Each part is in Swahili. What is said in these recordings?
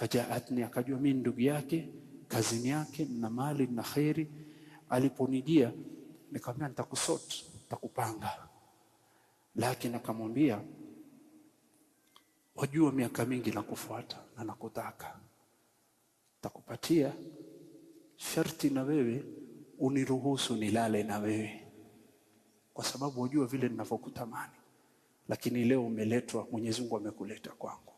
fajaatni, akajua mimi ndugu yake, kazini yake na mali na khairi Aliponijia nikamwambia nitakusort nitakupanga, lakini akamwambia wajua, miaka mingi nakufuata na nakutaka, nitakupatia sharti na wewe uniruhusu nilale na wewe, kwa sababu wajua vile ninavyokutamani, lakini leo umeletwa, Mwenyezi Mungu amekuleta kwangu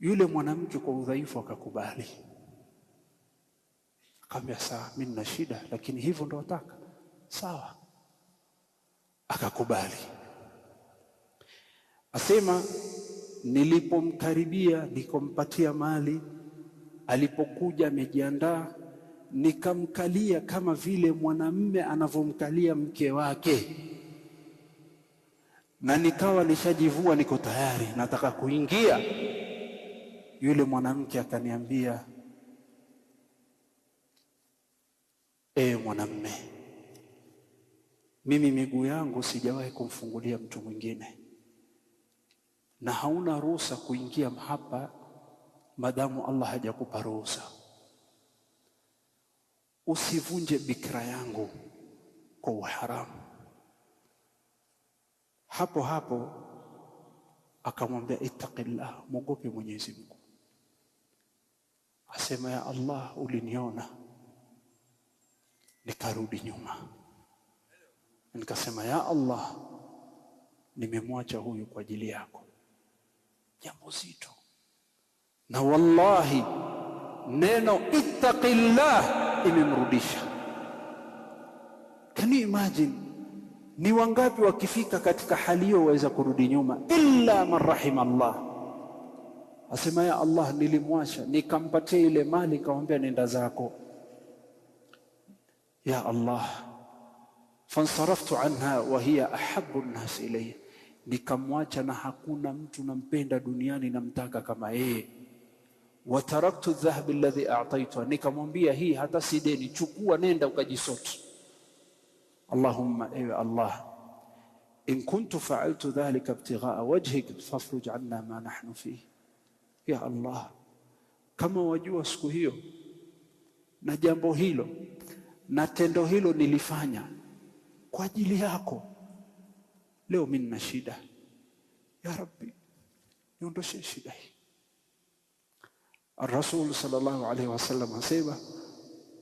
yule mwanamke kwa udhaifu akakubali, akamwambia sawa, mimi nina shida, lakini hivyo ndo nataka. Sawa, akakubali. Asema nilipomkaribia nikompatia mali, alipokuja amejiandaa, nikamkalia kama vile mwanamme anavyomkalia mke wake, na nikawa nishajivua, niko tayari, nataka kuingia yule mwanamke akaniambia, ee mwanamme, mimi miguu yangu sijawahi kumfungulia mtu mwingine, na hauna ruhusa kuingia hapa madamu Allah hajakupa ruhusa. Usivunje bikra yangu kwa uharamu. Hapo hapo akamwambia, ittaqillah, mwogope Mwenyezi Mungu asema ya Allah, uliniona nikarudi nyuma, nikasema ya Allah, nimemwacha huyu kwa ajili yako. Jambo zito na wallahi, neno ittaqillah imemrudisha. Can you imagine? Ni wangapi wakifika katika hali hiyo waweza kurudi nyuma? Illa man rahima Allah asema ya Allah, nilimwacha nikampatia ile mali, nikamwambia nenda zako. Ya Allah, fansaraftu anha wa hiya ahabbu nnas ilayya, nikamwacha na hakuna mtu nampenda duniani namtaka kama yeye. Wataraktu dhahabi alladhi a'taytu, nikamwambia hii hata si deni, chukua nenda ukajisoti. Allahumma, ewe Allah in kuntu fa'altu dhalika ibtigha'a wajhik fafruj 'anna ma nahnu fihi ya Allah, kama wajua siku hiyo na jambo hilo na tendo hilo nilifanya kwa ajili yako, leo mimi nina shida, ya Rabbi niondoshe shida hii. Rasul sallallahu alaihi wasallam asema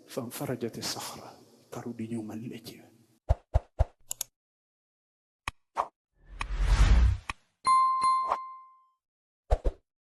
famfarajat sakhra, karudi nyuma lile jiwe